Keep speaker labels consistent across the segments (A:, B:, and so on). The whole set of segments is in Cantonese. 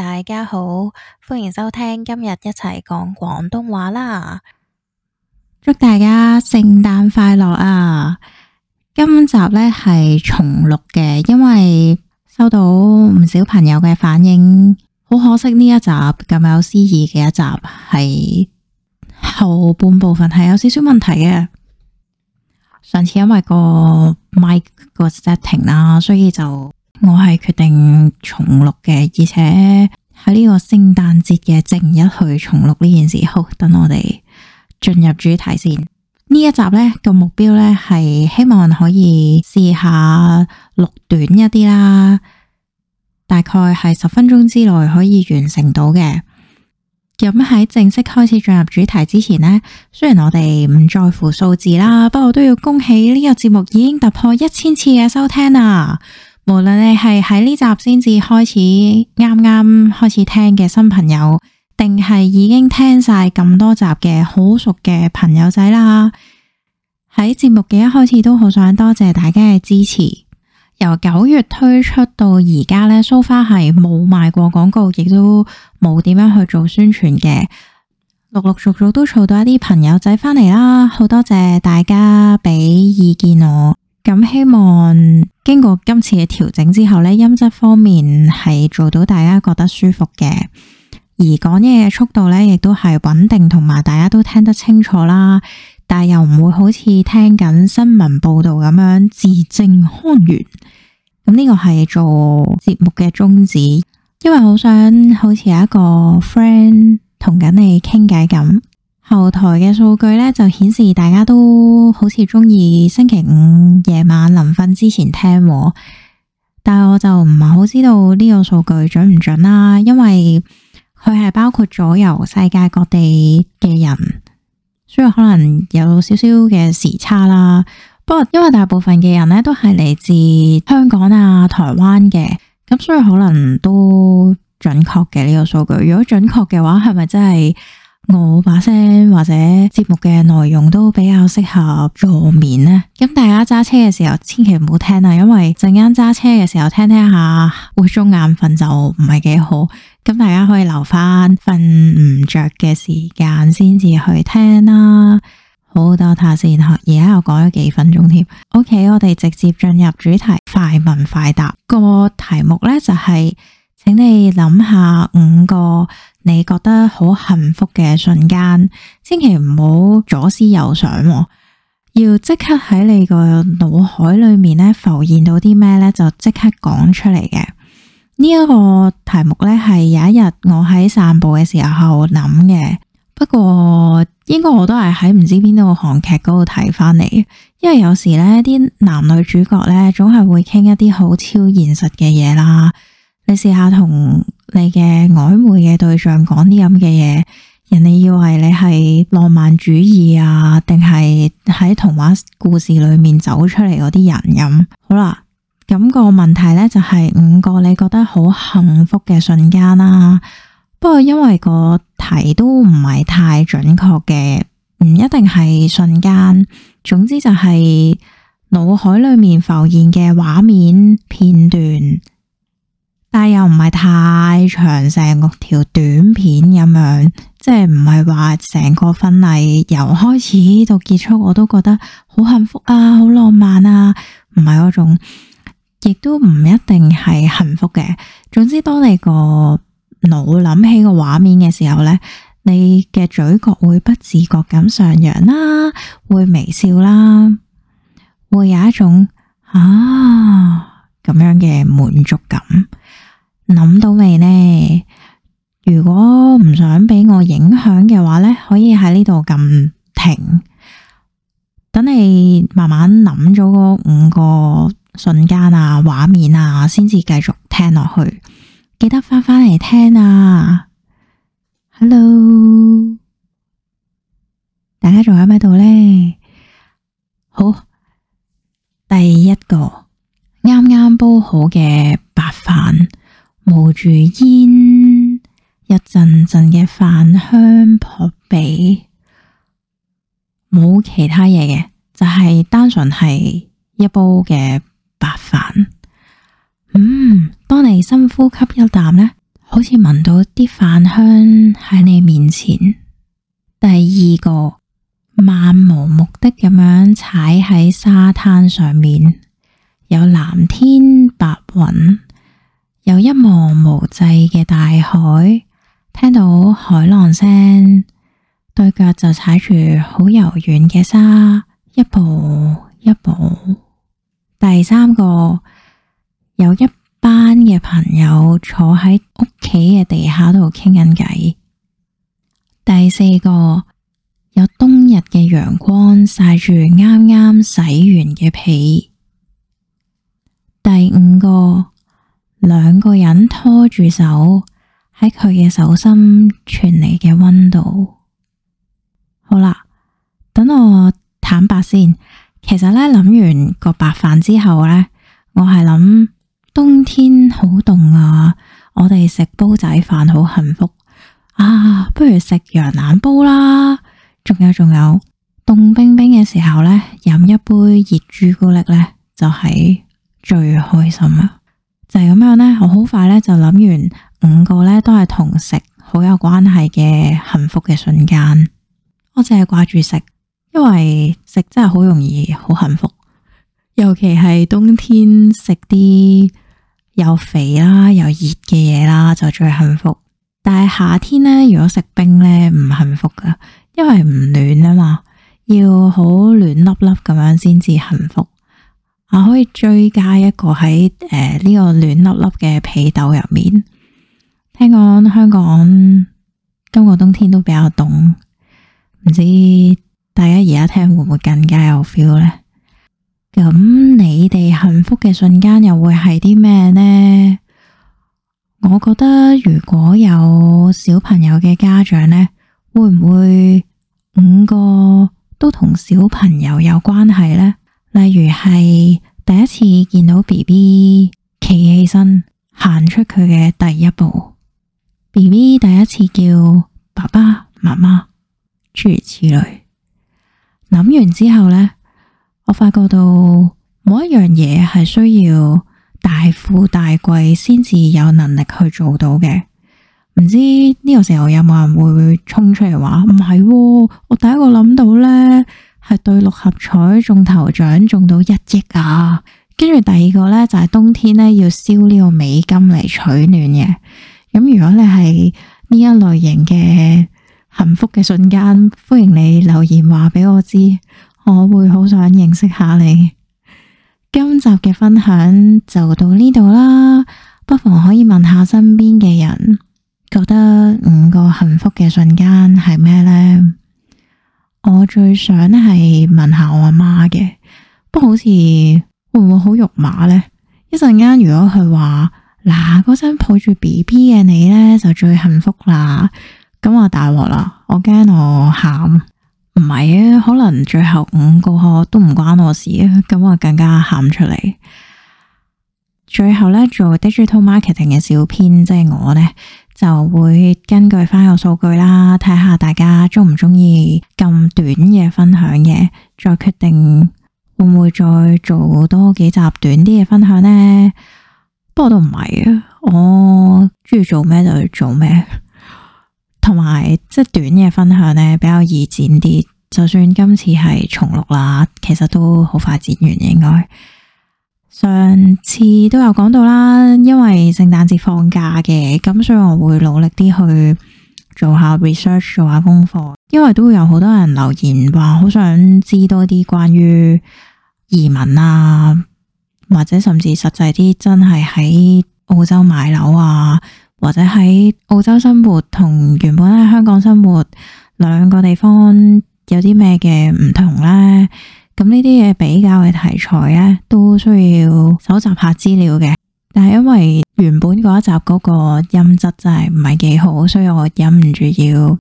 A: 大家好，歡迎收聽今日一齊講廣東話啦！祝大家聖誕快樂啊！今集呢係重錄嘅，因為收到唔少朋友嘅反應，好可惜呢一集咁有詩意嘅一集，係後半部分係有少少問題嘅。上次因為個 mic 個 setting 啦，所以就。我係決定重錄嘅，而且喺呢個聖誕節嘅正日去重錄呢件事。好，等我哋進入主題先。呢一集呢個目標呢，係希望可以試下錄短一啲啦，大概係十分鐘之內可以完成到嘅。咁喺正式開始進入主題之前呢，雖然我哋唔在乎數字啦，不過都要恭喜呢個節目已經突破一千次嘅收聽啦。無論你係喺呢集先至開始，啱啱開始聽嘅新朋友，定係已經聽晒咁多集嘅好熟嘅朋友仔啦。喺節目嘅一開始都好想多謝大家嘅支持。由九月推出到而家呢，蘇花係冇賣過廣告，亦都冇點樣去做宣傳嘅。陸陸續續都儲到一啲朋友仔返嚟啦，好多謝大家俾意見我。咁希望經過今次嘅調整之後呢，音質方面係做到大家覺得舒服嘅，而講嘢嘅速度呢亦都係穩定，同埋大家都聽得清楚啦。但係又唔會好似聽緊新聞報道咁樣字正腔圓。咁呢個係做節目嘅宗旨，因為好想好似有一個 friend 同緊你傾偈咁。後台嘅數據咧就顯示大家都好似中意星期五夜晚臨瞓之前聽喎，但係我就唔係好知道呢個數據準唔準啦，因為佢係包括咗由世界各地嘅人，所以可能有少少嘅時差啦。不過因為大部分嘅人咧都係嚟自香港啊、台灣嘅，咁所以可能都準確嘅。呢個數據如果準確嘅話，係咪真係？我把聲或者節目嘅內容都比較適合助眠呢，咁大家揸車嘅時候千祈唔好聽呀，因為陣間揸車嘅時候聽聽下會中眼瞓就唔係幾好，咁大家可以留翻瞓唔着嘅時間先至去聽啦，好多謝先，而家又講咗幾分鐘添。OK，我哋直接進入主題，快問快答，個題目呢就係，請你諗下五個。你覺得好幸福嘅瞬間，千祈唔好左思右想，要即刻喺你個腦海裏面咧浮現到啲咩咧？就即刻講出嚟嘅。呢一個題目咧係有一日我喺散步嘅時候諗嘅，不過應該我都係喺唔知邊度韓劇嗰度睇翻嚟，因為有時咧啲男女主角咧總係會傾一啲好超現實嘅嘢啦，你試下同你嘅曖昧嘅對象講啲咁嘅嘢，人哋以為你係浪漫主義啊，定係喺童話故事裏面走出嚟嗰啲人咁。好啦，咁個問題呢，就係五個你覺得好幸福嘅瞬間啦。不過因為個題都唔係太準確嘅，唔一定係瞬間。總之就係腦海裏面浮現嘅畫面片段。但又唔係太長，成條短片咁樣，即係唔係話成個婚禮由開始到結束，我都覺得好幸福啊，好浪漫啊，唔係嗰種，亦都唔一定係幸福嘅。總之，當你個腦諗起個畫面嘅時候咧，你嘅嘴角會不自覺咁上揚啦，會微笑啦，會有一種啊。咁樣嘅滿足感，諗到未呢？如果唔想俾我影響嘅話呢，可以喺呢度撳停，等你慢慢諗咗嗰五個瞬間啊、畫面啊，先至繼續聽落去。記得翻返嚟聽啊！Hello，大家仲喺唔喺度呢？好，第一個。啱啱煲好嘅白飯，冒住煙，一陣陣嘅飯香撲鼻，冇其他嘢嘅，就係、是、單純係一煲嘅白飯。嗯，當你深呼吸一啖呢，好似聞到啲飯香喺你面前。第二個，漫無目的咁樣踩喺沙灘上面。有藍天白雲，有一望無際嘅大海，聽到海浪聲，對腳就踩住好柔軟嘅沙，一步一步。第三個，有一班嘅朋友坐喺屋企嘅地下度傾緊偈。第四個，有冬日嘅陽光曬住啱啱洗完嘅被。第五個，兩個人拖住手，喺佢嘅手心傳嚟嘅溫度。好啦，等我坦白先。其實呢，諗完個白飯之後呢，我係諗冬天好凍啊，我哋食煲仔飯好幸福啊，不如食羊腩煲啦。仲有仲有，凍冰冰嘅時候呢，飲一杯熱朱古力呢，就係。最開心啊！就係咁樣呢。我好快呢，就諗完五個呢，都係同食好有關係嘅幸福嘅瞬間。我淨係掛住食，因為食真係好容易好幸福。尤其係冬天食啲又肥啦又熱嘅嘢，啦就最幸福。但係夏天呢，如果食冰呢，唔幸福噶因為唔暖啊嘛，要好暖粒粒咁樣先至幸福。啊！可以追加一個喺，誒，呢個暖粒粒嘅被斗入面。聽講香港今個冬天都比較凍，唔知大家而家聽會唔會更加有 feel 咧？咁你哋幸福嘅瞬間又會係啲咩呢？我覺得如果有小朋友嘅家長呢，會唔會五個都同小朋友有關係呢？例如係第一次見到 B B 企起身行出佢嘅第一步，B B 第一次叫爸爸媽媽，諸如此類。諗完之後咧，我發覺到冇一樣嘢係需要大富大貴先至有能力去做到嘅。唔知呢個時候有冇人會衝出嚟話唔係？我第一個諗到咧，係對六合彩中頭獎中到一億啊！跟住第二個呢，就係冬天呢，要燒呢個美金嚟取暖嘅。咁如果你係呢一類型嘅幸福嘅瞬間，歡迎你留言話俾我知，我會好想認識下你。今集嘅分享就到呢度啦，不妨可以問下身邊嘅人，覺得五個幸福嘅瞬間係咩呢？我最想咧係問下我阿媽嘅，不過好似會唔會好肉麻咧？一陣間如果佢話嗱嗰陣抱住 BB 嘅你咧就最幸福啦，咁我大鑊啦，我驚我喊，唔係啊，可能最後五個個都唔關我事啊，咁我更加喊出嚟，最後咧做 digital marketing 嘅小編即係我咧。就會根據翻個數據啦，睇下大家中唔中意咁短嘅分享嘅，再決定會唔會再做多幾集短啲嘅分享呢？不過都唔係啊，我中意做咩就做咩，同埋即係短嘅分享呢，比較易剪啲。就算今次係重錄啦，其實都好快剪完應該。上次都有講到啦，因為聖誕節放假嘅，咁所以我會努力啲去做下 research，做下功課，因為都會有好多人留言話好想知多啲關於移民啊，或者甚至實際啲真係喺澳洲買樓啊，或者喺澳洲生活同原本喺香港生活兩個地方有啲咩嘅唔同呢。咁呢啲嘢比較嘅題材呢，都需要搜集下資料嘅。但係因為原本嗰一集嗰個音質真係唔係幾好，所以我忍唔住要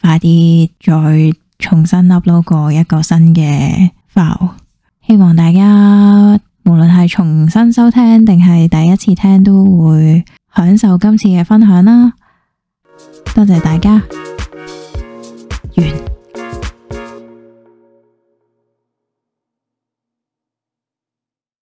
A: 快啲再重新 upload 過一個新嘅 file。希望大家無論係重新收聽定係第一次聽，都會享受今次嘅分享啦。多謝大家，完。